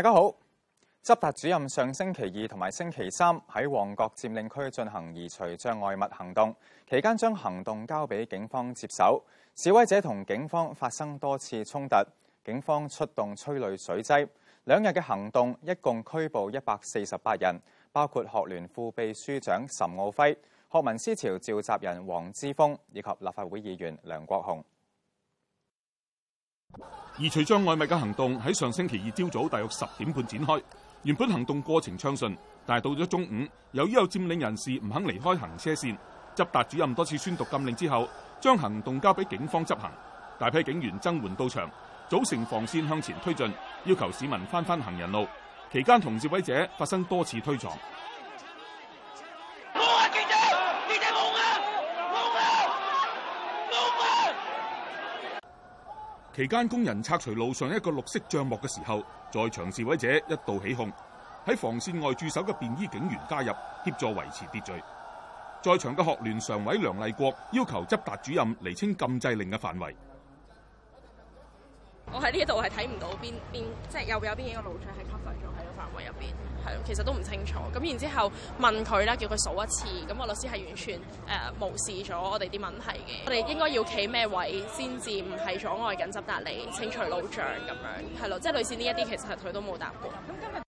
大家好，執達主任上星期二同埋星期三喺旺角佔領區進行移除障礙物行動，期間將行動交俾警方接手。示威者同警方發生多次衝突，警方出動催淚水劑。兩日嘅行動一共拘捕一百四十八人，包括學聯副秘書長岑敖輝、學民思潮召集人黃之鋒以及立法會議員梁國雄。移除障礙物嘅行動喺上星期二朝早大約十點半展開，原本行動過程暢順，但係到咗中午，由於有佔領人士唔肯離開行車線，執達主任多次宣讀禁令之後，將行動交俾警方執行，大批警員增援到場，組成防線向前推進，要求市民翻翻行人路，期間同示威者發生多次推撞。期間，工人拆除路上一個綠色帳幕嘅時候，在場示威者一度起哄，喺防線外駐守嘅便衣警員加入協助維持秩序。在場嘅學聯常委梁麗國要求執達主任厘清禁制令嘅範圍。我喺呢度係睇唔到邊邊，即係又有邊幾個路障係卡死咗喺個範圍入邊。其實都唔清楚，咁然之後問佢啦，叫佢數一次，咁個律師係完全誒、呃、無視咗我哋啲問題嘅。我哋應該要企咩位先至唔係阻礙緊執達吏清除路障咁樣，係咯，即係類似呢一啲，其實佢都冇答過。咁今日，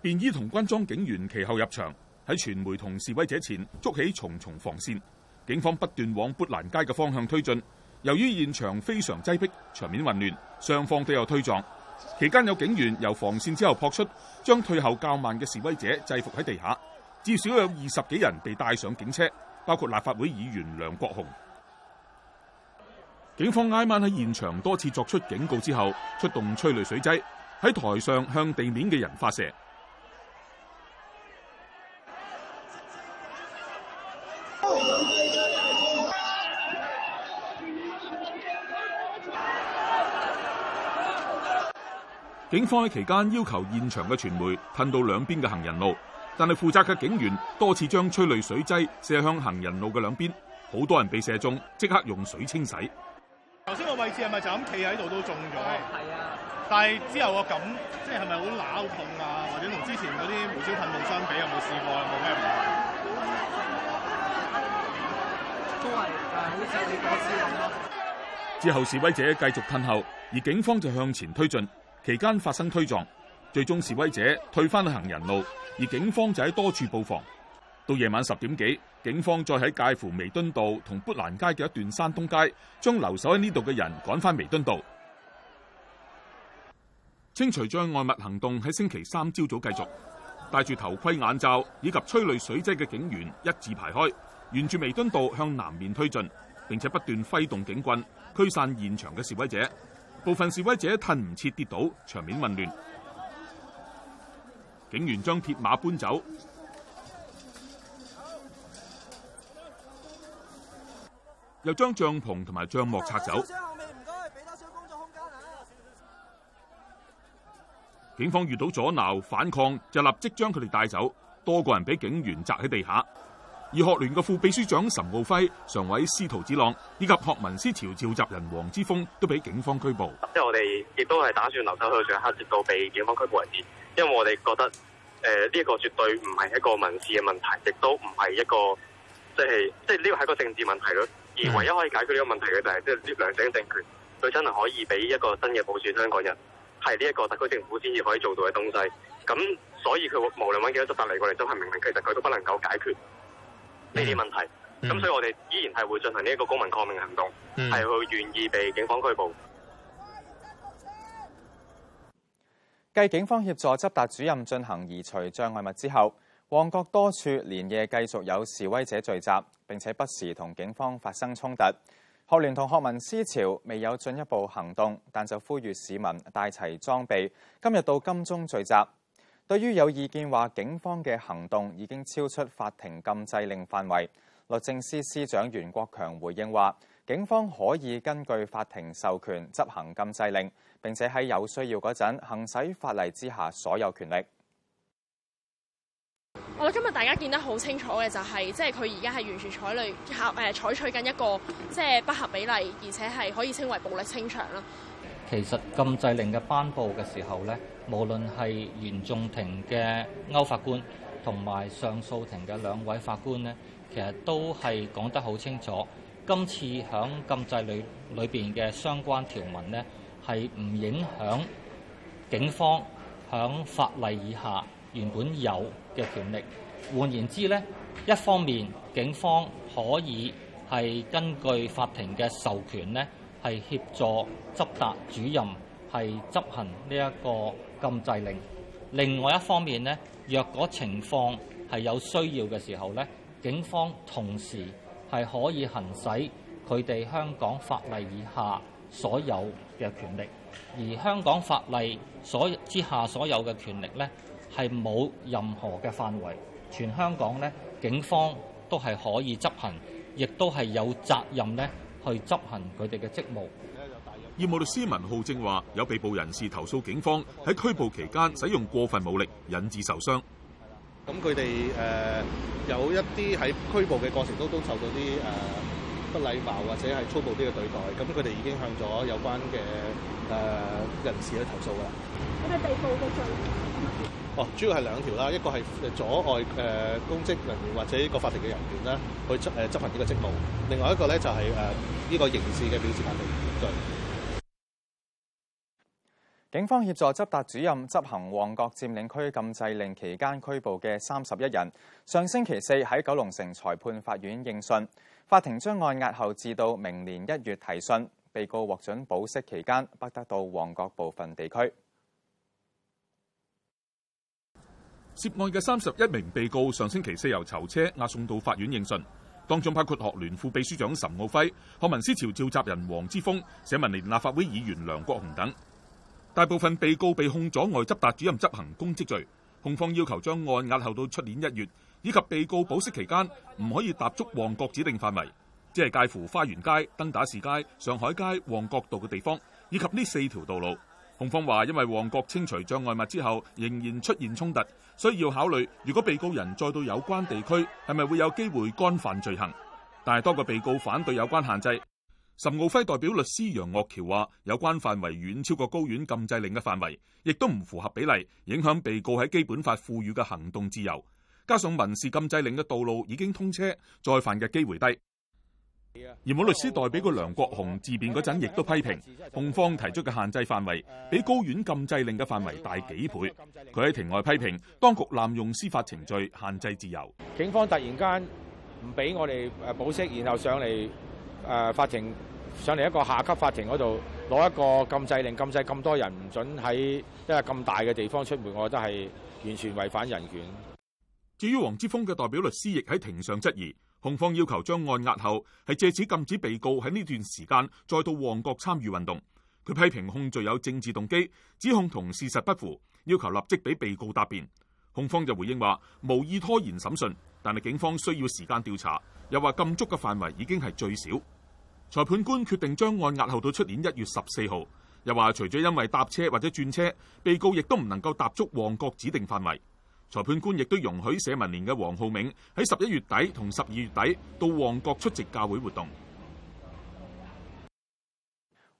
便衣同軍裝警員其後入場，喺傳媒同示威者前築起重重防線。警方不斷往砵蘭街嘅方向推進，由於現場非常擠迫，場面混亂，雙方都有推撞。期間有警員由防線之後撲出，將退後較慢嘅示威者制服喺地下，至少有二十幾人被帶上警車，包括立法會議員梁國雄。 警方挨晚喺現場多次作出警告之後，出動催淚水劑喺台上向地面嘅人發射。 警方喺期間要求現場嘅傳媒褪到兩邊嘅行人路，但係負責嘅警員多次將催淚水劑射向行人路嘅兩邊，好多人被射中，即刻用水清洗。頭先個位置係咪就咁企喺度都中咗？係啊。但係之後個感即係係咪好撓痛啊？或者同之前嗰啲胡椒噴霧相比有冇試過？冇咩問題。都好之後示威者繼續褪後，而警方就向前推進。期間發生推撞，最終示威者退翻去行人路，而警方就喺多處布防。到夜晚十點幾，警方再喺介乎彌敦道同砵蘭街嘅一段山東街，將留守喺呢度嘅人趕返彌敦道。清除障礙物行動喺星期三朝早繼續，戴住頭盔、眼罩以及催淚水劑嘅警員一字排開，沿住彌敦道向南面推進，並且不斷揮動警棍驅散現場嘅示威者。部分示威者褪唔切跌倒，場面混亂。警員將鐵馬搬走，又將帳篷同埋帳幕拆走。警方遇到阻撓、反抗，就立即將佢哋帶走。多個人俾警員壓喺地下。而學聯嘅副秘書長岑敖暉、常委司徒子朗，以及學民思潮召集人黃之鋒，都俾警方拘捕。即係我哋亦都係打算留低佢，上一刻直到被警方拘捕為止。因為我哋覺得誒呢一個絕對唔係一個民事嘅問題，亦都唔係一個即係即係呢個係一個政治問題咯。而唯一可以解決呢個問題嘅就係、是、即係呢兩黨政權佢真係可以俾一個新嘅普選香港人係呢一個特區政府先至可以做到嘅東西。咁所以佢無論揾幾多執法嚟我哋都係明明其實佢都不能夠解決。呢啲問題，咁所以我哋依然係會進行呢一個公民抗命行動，係去願意被警方拘捕。嗯、繼警方協助執達主任進行移除障礙物之後，旺角多處連夜繼續有示威者聚集，並且不時同警方發生衝突。學聯同學民思潮未有進一步行動，但就呼籲市民帶齊裝備，今日到金鐘聚集。.對於有意見話警方嘅行動已經超出法庭禁制令範圍，律政司司長袁國強回應話：警方可以根據法庭授權執行禁制令，並且喺有需要嗰陣行使法例之下所有權力。我今日大家見得好清楚嘅就係、是，即係佢而家係完全採，採取緊一個即係不合比例，而且係可以稱為暴力清場啦。其實禁制令嘅頒布嘅時候呢，無論係原訟庭嘅歐法官同埋上訴庭嘅兩位法官呢，其實都係講得好清楚。今次響禁制裏裏面嘅相關條文呢，係唔影響警方響法例以下原本有嘅權力。換言之呢，一方面警方可以係根據法庭嘅授權呢。係協助執達主任係執行呢一個禁制令。另外一方面呢，若果情況係有需要嘅時候呢，警方同時係可以行使佢哋香港法例以下所有嘅權力。而香港法例所之下所有嘅權力呢，係冇任何嘅範圍。全香港呢，警方都係可以執行，亦都係有責任呢。去執行佢哋嘅職務。義務律師文浩正話，有被捕人士投訴警方喺拘捕期間使用過分武力，引致受傷。咁佢哋誒有一啲喺拘捕嘅過程當中都受到啲誒、呃、不禮貌或者係粗暴啲嘅對待。咁佢哋已經向咗有關嘅誒、呃、人士去投訴啦。咁佢哋被捕嘅罪？哦，主要係兩條啦，一個係阻礙誒公職人員或者呢個法庭嘅人員咧去執誒執行呢個職務，另外一個咧就係誒呢個刑事嘅表示犯罪。警方協助執達主任執行旺角佔領區禁制令期間拘捕嘅三十一人，上星期四喺九龍城裁判法院應訊，法庭將案押後至到明年一月提訊，被告獲准保釋期間不得到旺角部分地區。涉案嘅三十一名被告上星期四由囚車押送到法院應訊，當中包括學聯副秘書長岑奧輝、學民思潮召集人黃之鋒、社民連立法會議員梁國雄等。大部分被告被控阻礙執達主任執行公職罪，控方要求將案押後到出年一月，以及被告保釋期間唔可以踏足旺角指定範圍，即係介乎花園街、登打士街、上海街、旺角道嘅地方，以及呢四條道路。控方話：因為旺角清除障礙物之後，仍然出現衝突，所以要考慮如果被告人再到有關地區，係咪會有機會干犯罪行。但係多個被告反對有關限制。岑敖輝代表律師楊岳橋話：有關範圍遠超過高院禁制令嘅範圍，亦都唔符合比例，影響被告喺基本法賦予嘅行動自由。加上民事禁制令嘅道路已經通車，再犯嘅機會低。而冇律師代表個梁國雄自辯嗰陣，亦都批評控方提出嘅限制範圍比高院禁制令嘅範圍大幾倍。佢喺庭外批評當局濫用司法程序限制自由。警方突然間唔俾我哋誒保釋，然後上嚟誒法庭上嚟一個下級法庭嗰度攞一個禁制令，禁制咁多人唔准喺因為咁大嘅地方出門，我覺得係完全違反人權。至於黃之鋒嘅代表律師亦喺庭上質疑。控方要求將案押後，係借此禁止被告喺呢段時間再到旺角參與運動。佢批評控罪有政治動機，指控同事實不符，要求立即俾被，被告答辯。控方就回應話，無意拖延審訊，但係警方需要時間調查。又話禁足嘅範圍已經係最少。裁判官決定將案押後到出年一月十四號。又話除咗因為搭車或者轉車，被告亦都唔能夠踏足旺角指定範圍。裁判官亦都容許社民連嘅黃浩銘喺十一月底同十二月底到旺角出席教會活動。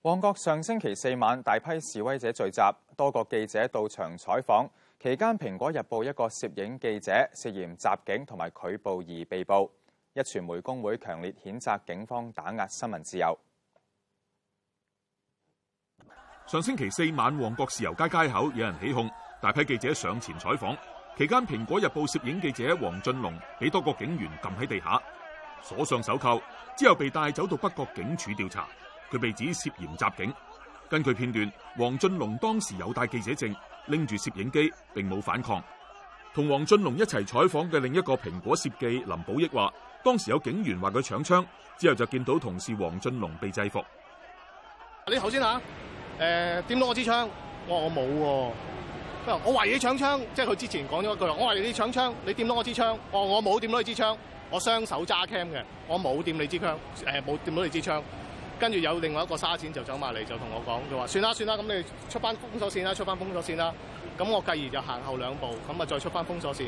旺角上星期四晚大批示威者聚集，多個記者到場採訪。期間，《蘋果日報》一個攝影記者涉嫌襲警同埋拒捕而被捕。一傳媒工會強烈譴責警方打壓新聞自由。上星期四晚，旺角豉油街街口有人起哄，大批記者上前採訪。期間，《蘋果日報》攝影記者黃俊龍被多個警員撳喺地下，鎖上手銬，之後被帶走到北角警署調查，佢被指涉嫌襲警。根據片段，黃俊龍當時有帶記者證，拎住攝影機，並冇反抗。同黃俊龍一齊採訪嘅另一個蘋果攝記林寶益話，當時有警員話佢搶槍，之後就見到同事黃俊龍被制服。你頭先吓，誒、呃，點攞我支槍、哦？我我冇喎。我懷疑你搶槍，即係佢之前講咗一句，我懷疑你搶槍，你掂到我支槍？我我冇掂到你支槍，我雙手揸 cam 嘅，我冇掂你支槍，誒冇掂到你支槍。跟住有另外一個沙展就走埋嚟，就同我講，佢話：算啦算啦，咁你出翻封鎖線啦，出翻封鎖線啦。咁我繼而就行後兩步，咁啊再出翻封鎖線。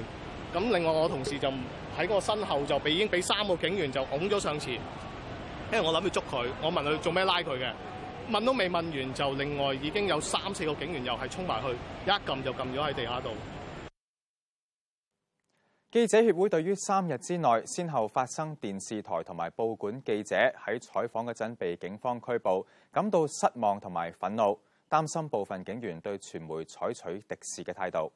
咁另外我同事就喺我身後就俾已經俾三個警員就拱咗上前，因為我諗住捉佢，我問佢做咩拉佢嘅。問都未問完，就另外已經有三四個警員又係衝埋去，一撳就撳咗喺地下度。記者協會對於三日之內先後發生電視台同埋報館記者喺採訪嗰陣被警方拘捕，感到失望同埋憤怒，擔心部分警員對傳媒採取敵視嘅態度。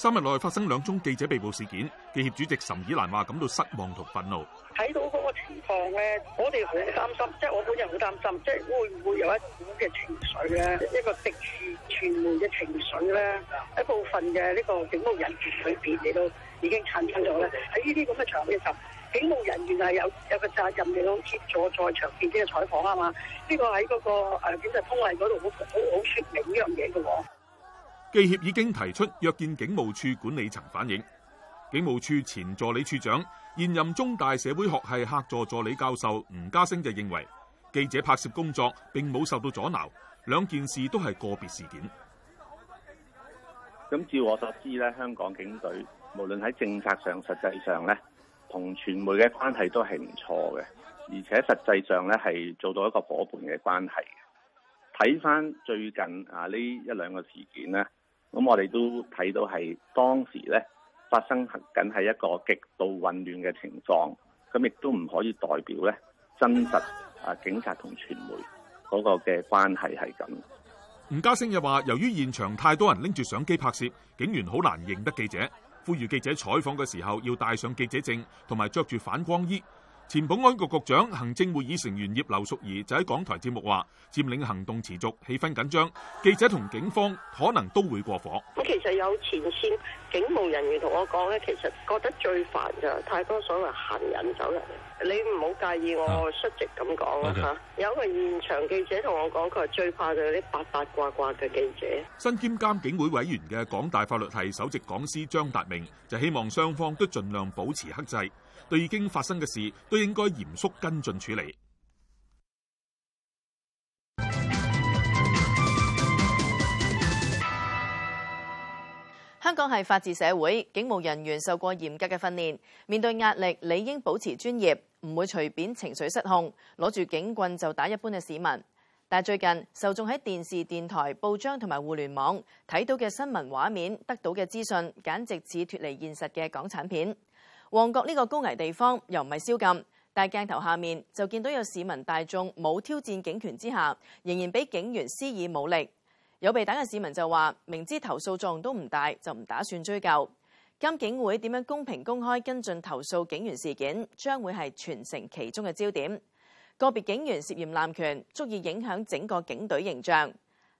三日內發生兩宗記者被捕事件，記協主席岑以蘭話感到失望同憤怒。睇到嗰個情況咧，我哋好擔心，即係我本人好擔心，即係會唔會有一股嘅情緒咧，一個敵視傳媒嘅情緒咧，一部分嘅呢個警務人員佢你都已經產生咗咧。喺呢啲咁嘅場面嘅時候，警務人員係有有一個責任你都協助在場記者採訪啊嘛。呢個喺嗰個誒警察通例嗰度好好好說明呢樣嘢嘅喎。記協已經提出約見警務處管理層反映，警務處前助理處長、現任中大社會學系客座助理教授吳家星就認為，記者拍攝工作並冇受到阻撓，兩件事都係個別事件。咁照我所知咧，香港警隊無論喺政策上、實際上咧，同傳媒嘅關係都係唔錯嘅，而且實際上咧係做到一個夥伴嘅關係。睇返最近啊呢一兩個事件呢咁我哋都睇到係當時呢發生緊係一個極度混亂嘅情況，咁亦都唔可以代表呢真實啊警察同傳媒嗰個嘅關係係咁。吳家聲又話：由於現場太多人拎住相機拍攝，警員好難認得記者，呼籲記者採訪嘅時候要戴上記者證同埋着住反光衣。前保安局局長、行政會議成員葉劉淑儀就喺港台節目話：佔領行動持續，氣氛緊張，記者同警方可能都會過火。咁其實有前線警務人員同我講咧，其實覺得最煩就係太多所謂行人走人，你唔好介意我率直咁講啊。吓、啊。嗯、有一個現場記者同我講，佢最怕就係啲八八卦卦嘅記者。身兼監警會委員嘅港大法律係首席講師張達明就希望雙方都盡量保持克制。對已經發生嘅事，都應該嚴肅跟進處理。香港係法治社會，警務人員受過嚴格嘅訓練，面對壓力理應保持專業，唔會隨便情緒失控，攞住警棍就打一般嘅市民。但係最近受眾喺電視、電台、報章同埋互聯網睇到嘅新聞畫面，得到嘅資訊，簡直似脫離現實嘅港產片。旺角呢個高危地方又唔係宵禁，但鏡頭下面就見到有市民大眾冇挑戰警權之下，仍然俾警員施以武力。有被打嘅市民就話：明知投訴作用都唔大，就唔打算追究。監警會點樣公平公開跟進投訴警員事件，將會係全城其中嘅焦點。個別警員涉嫌濫權，足以影響整個警隊形象。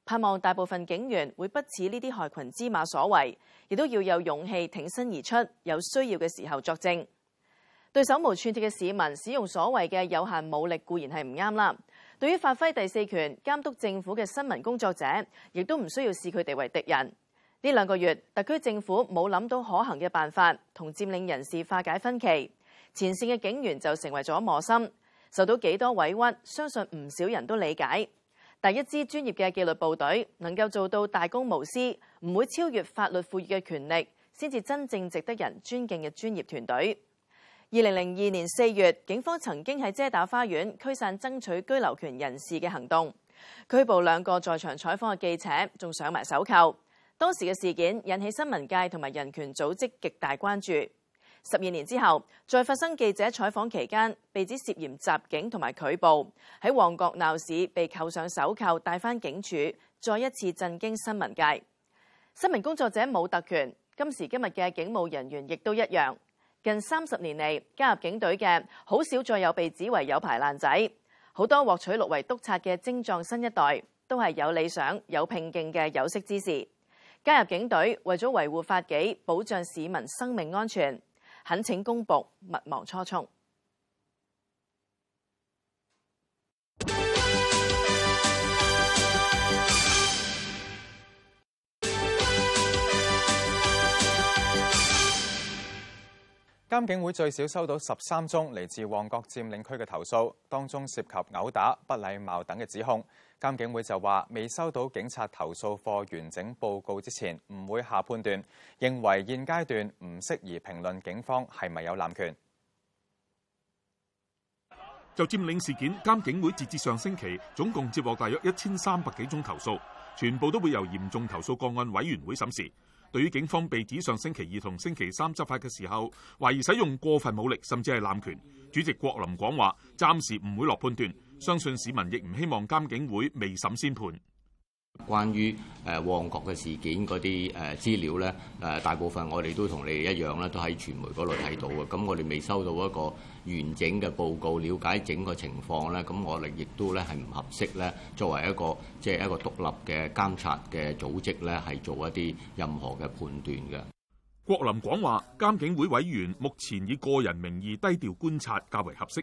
盼望大部分警員會不似呢啲害群之馬所為，亦都要有勇氣挺身而出，有需要嘅時候作證。對手無寸鐵嘅市民，使用所謂嘅有限武力固然係唔啱啦。對於發揮第四權監督政府嘅新聞工作者，亦都唔需要視佢哋為敵人。呢兩個月，特區政府冇諗到可行嘅辦法同佔領人士化解分歧，前綫嘅警員就成為咗磨心，受到幾多委屈，相信唔少人都理解。第一支專業嘅紀律部隊，能夠做到大公無私，唔會超越法律賦予嘅權力，先至真正值得人尊敬嘅專業團隊。二零零二年四月，警方曾經喺遮打花園驅散爭取居留權人士嘅行動，拘捕兩個在場採訪嘅記者，仲上埋手扣。當時嘅事件引起新聞界同埋人權組織極大關注。十二年之後，再發生記者採訪期間，被指涉嫌襲警同埋拒捕，喺旺角鬧市被扣上手銬帶返警署，再一次震驚新聞界。新聞工作者冇特權，今時今日嘅警務人員亦都一樣。近三十年嚟加入警隊嘅，好少再有被指為有牌爛仔。好多獲取六圍督察嘅精壯新一代，都係有理想、有拼勁嘅有識之士。加入警隊為咗維護法紀，保障市民生命安全。懇請公僕，勿忘初衷。監警會最少收到十三宗嚟自旺角佔領區嘅投訴，當中涉及毆打、不禮貌等嘅指控。監警會就話，未收到警察投訴或完整報告之前，唔會下判斷，認為現階段唔適宜評論警方係咪有濫權。就佔領事件，監警會截至上星期，總共接獲大約一千三百幾宗投訴，全部都會由嚴重投訴個案委員會審視。對於警方被指上星期二同星期三執法嘅時候，懷疑使用過分武力，甚至係濫權，主席郭琳廣話，暫時唔會落判斷。相信市民亦唔希望監警會未審先判。關於誒旺角嘅事件嗰啲誒資料咧，誒大部分我哋都同你哋一樣咧，都喺傳媒嗰度睇到嘅。咁我哋未收到一個完整嘅報告，瞭解整個情況咧。咁我哋亦都咧係唔合適咧，作為一個即係一個獨立嘅監察嘅組織咧，係做一啲任何嘅判斷嘅。郭琳廣話：監警會委員目前以個人名義低調觀察較為合適。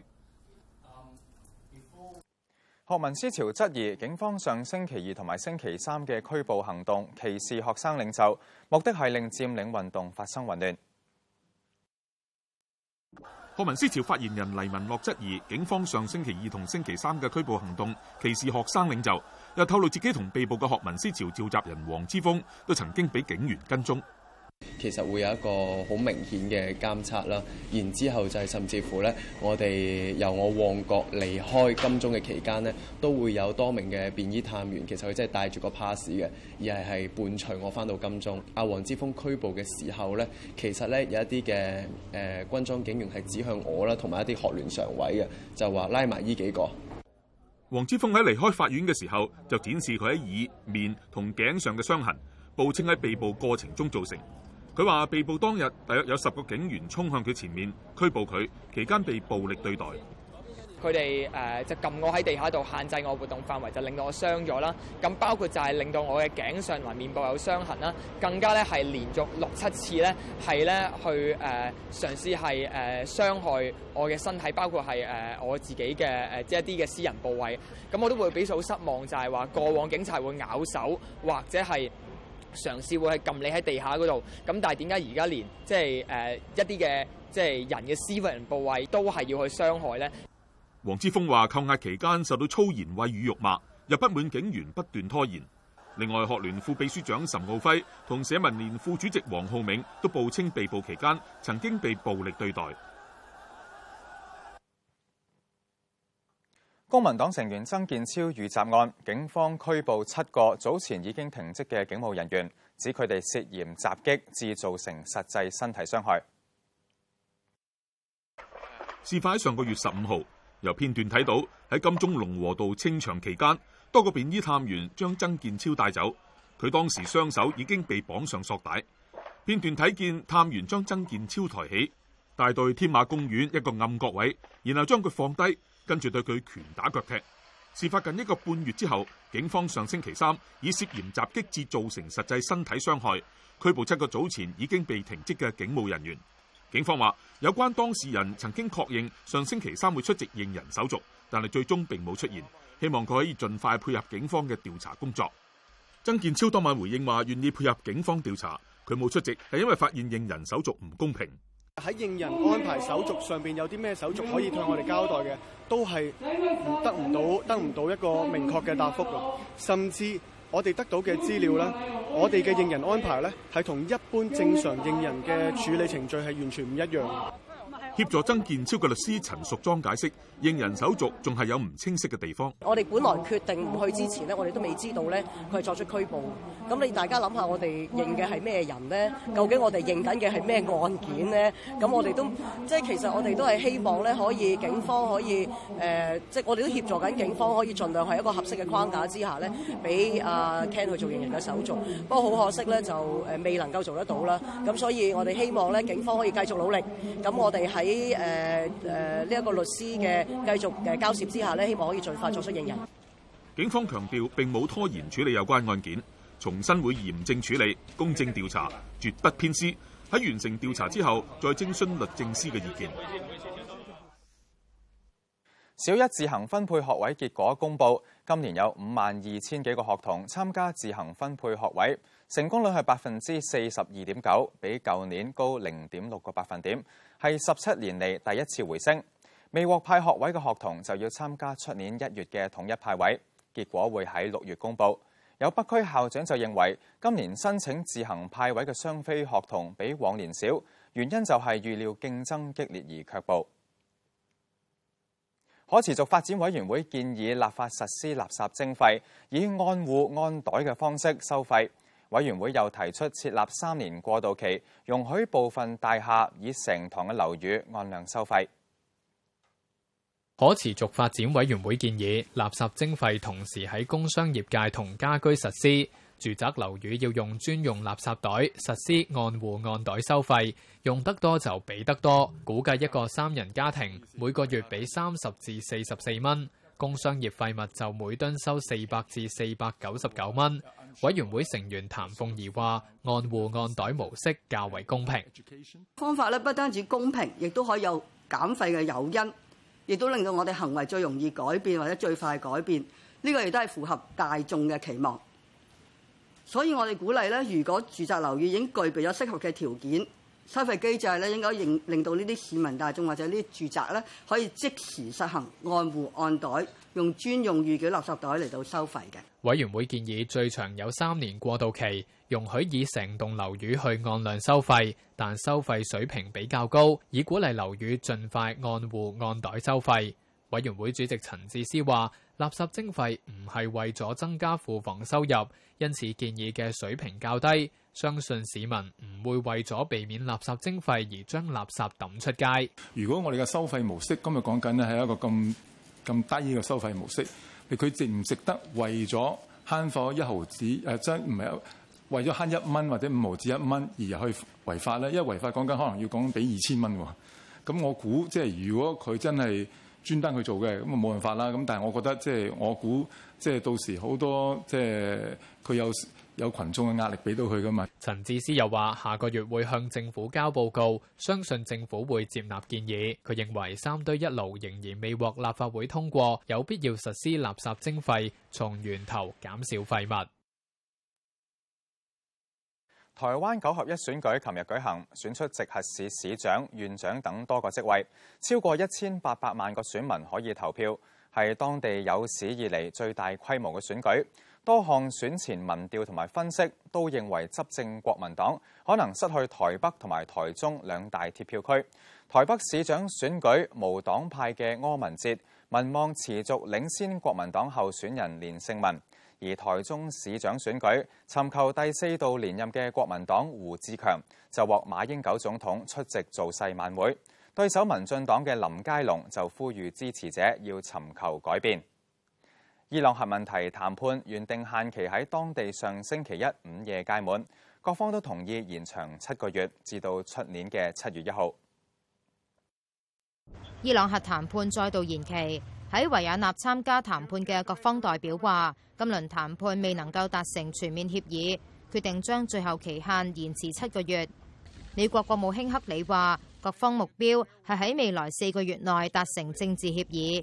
學民思潮質疑警方上星期二同埋星期三嘅拘捕行動歧視學生領袖，目的係令佔領運動發生混亂。學民思潮發言人黎文樂質疑警方上星期二同星期三嘅拘捕行動歧視學生領袖，又透露自己同被捕嘅學民思潮召集人黃之鋒都曾經被警員跟蹤。其實會有一個好明顯嘅監察啦，然之後就係甚至乎咧，我哋由我旺角離開金鐘嘅期間呢，都會有多名嘅便衣探員，其實佢真係帶住個 pass 嘅，而係係伴隨我翻到金鐘。阿黃之鋒拘捕嘅時候咧，其實咧有一啲嘅誒軍裝警員係指向我啦，同埋一啲學聯常委嘅，就話拉埋呢幾個。黃之鋒喺離開法院嘅時候，就展示佢喺耳、面同頸上嘅傷痕，報稱喺被捕過程中造成。佢話被捕當日，大約有十個警員衝向佢前面拘捕佢，期間被暴力對待。佢哋誒就撳我喺地下度，限制我活動範圍，就令到我傷咗啦。咁包括就係令到我嘅頸上同埋面部有傷痕啦，更加咧係連續六七次咧係咧去誒嘗試係誒傷害我嘅身體，包括係誒我自己嘅誒即係一啲嘅私人部位。咁我都會比較失望，就係、係、話過往警察會咬手或者係。嘗試會係撳你喺地下嗰度，咁但係點解而家連即係誒一啲嘅即係人嘅私隱部位都係要去傷害呢？黃之鋒話：扣押期間受到粗言穢語辱罵，又不滿警員不斷拖延。另外，學聯副秘書長岑敖暉同社民連副主席黃浩銘都報稱被捕期間曾經被暴力對待。公民黨成員曾健超遇襲案，警方拘捕七個早前已經停職嘅警務人員，指佢哋涉嫌襲擊，致造成實際身體傷害。事發喺上個月十五號，由片段睇到喺金鐘龍和道清場期間，多個便衣探員將曾健超帶走，佢當時雙手已經被綁上索帶。片段睇見探員將曾健超抬起，帶到天馬公園一個暗角位，然後將佢放低。跟住對佢拳打腳踢。事發近一個半月之後，警方上星期三以涉嫌襲擊致造成實際身體傷害，拘捕七個早前已經被停職嘅警務人員。警方話，有關當事人曾經確認上星期三會出席認人手續，但係最終並冇出現。希望佢可以盡快配合警方嘅調查工作。曾健超當晚回應話，願意配合警方調查，佢冇出席係因為發現認人手續唔公平。喺認人安排手續上邊有啲咩手續可以向我哋交代嘅，都係得唔到得唔到一個明確嘅答復嘅，甚至我哋得到嘅資料呢，我哋嘅認人安排呢係同一般正常認人嘅處理程序係完全唔一樣。協助曾健超嘅律師陳淑莊解釋認人手續仲係有唔清晰嘅地方。我哋本來決定唔去之前呢，我哋都未知道呢，佢係作出拘捕。咁你大家諗下，我哋認嘅係咩人呢？究竟我哋認緊嘅係咩案件呢？咁我哋都即係其實我哋都係希望咧，可以警方可以誒、呃，即係我哋都協助緊警方，可以儘量喺一個合適嘅框架之下呢，俾阿 Ken 去做認人嘅手續。不過好可惜呢，就誒未能夠做得到啦。咁所以我哋希望咧，警方可以繼續努力。咁我哋喺喺誒誒呢一個律師嘅繼續嘅交涉之下咧，希望可以盡快作出認人。警方強調並冇拖延處理有關案件，重新會嚴正處理、公正調查，絕不偏私。喺完成調查之後，再徵詢律政司嘅意見。小一自行分配學位結果公佈，今年有五萬二千幾個學童參加自行分配學位，成功率係百分之四十二點九，比舊年高零點六個百分點。係十七年嚟第一次回升。未獲派學位嘅學童就要參加出年一月嘅統一派位，結果會喺六月公佈。有北區校長就認為，今年申請自行派位嘅雙非學童比往年少，原因就係預料競爭激烈而卻步。可持續發展委員會建議立法實施垃圾徵費，以按戶按袋嘅方式收費。委員會又提出設立三年過渡期，容許部分大廈以成堂嘅樓宇按量收費。可持續發展委員會建議，垃圾徵費同時喺工商業界同家居實施，住宅樓宇要用專用垃圾袋，實施按戶按袋收費，用得多就俾得多。估計一個三人家庭每個月俾三十至四十四蚊。工商業廢物就每噸收四百至四百九十九蚊。委員會成員譚鳳儀話，按戶按袋模式較為公平。方法咧，不單止公平，亦都可以有減費嘅誘因，亦都令到我哋行為最容易改變或者最快改變。呢個亦都係符合大眾嘅期望。所以我哋鼓勵咧，如果住宅樓宇已經具備咗適合嘅條件。收費機制咧，應該令令到呢啲市民大眾或者呢啲住宅咧，可以即時實行按戶按袋，用專用預繳垃圾袋嚟到收費嘅。委員會建議最長有三年過渡期，容許以成棟樓宇去按量收費，但收費水平比較高，以鼓勵樓宇盡快按戶按袋收費。委員會主席陳智思話：垃圾徵費唔係為咗增加庫房收入，因此建議嘅水平較低。相信市民唔會為咗避免垃圾徵費而將垃圾抌出街。如果我哋嘅收費模式今日講緊咧係一個咁咁低嘅收費模式，佢值唔值得為咗慳貨一毫子？誒、啊，即唔係為咗慳一蚊或者五毫子一蚊而去違法咧？因為違法講緊可能要講俾二千蚊喎。咁我估即係如果佢真係專登去做嘅，咁啊冇辦法啦。咁但係我覺得即係我估即係到時好多即係佢有。有群眾嘅壓力俾到佢噶嘛？陳智思又話：下個月會向政府交報告，相信政府會接納建議。佢認為三堆一爐仍然未獲立法會通過，有必要實施垃圾徵費，從源頭減少廢物。台灣九合一選舉琴日舉行，選出直轄市市長、縣長等多個職位，超過一千八百萬個選民可以投票，係當地有史以嚟最大規模嘅選舉。多項選前民調同埋分析都認為執政國民黨可能失去台北同埋台中兩大鐵票區。台北市長選舉無黨派嘅柯文哲民望持續領先國民黨候選人連勝文，而台中市長選舉尋求第四度連任嘅國民黨胡志強就獲馬英九總統出席造勢晚會，對手民進黨嘅林佳龍就呼籲支持者要尋求改變。伊朗核問題談判原定限期喺當地上星期一午夜屆滿，各方都同意延長七個月，至到出年嘅七月一號。伊朗核談判再度延期，喺維也納參加談判嘅各方代表話，今輪談判未能夠達成全面協議，決定將最後期限延遲七個月。美國國務卿克里話，各方目標係喺未來四個月內達成政治協議。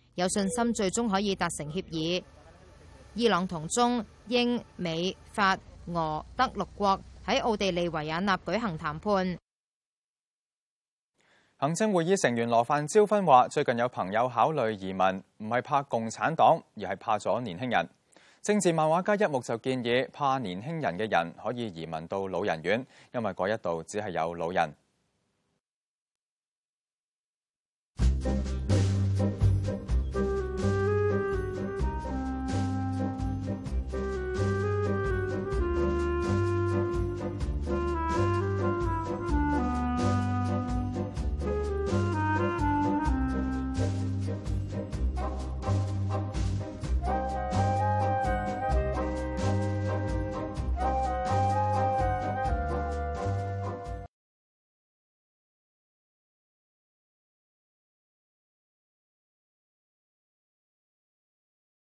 有信心最終可以達成協議。伊朗同中英美法俄德六國喺奧地利維也納舉行談判。行政會議成員羅范椒芬話，最近有朋友考慮移民，唔係怕共產黨，而係怕咗年輕人。政治漫畫家一幕就建議，怕年輕人嘅人可以移民到老人院，因為嗰一度只係有老人。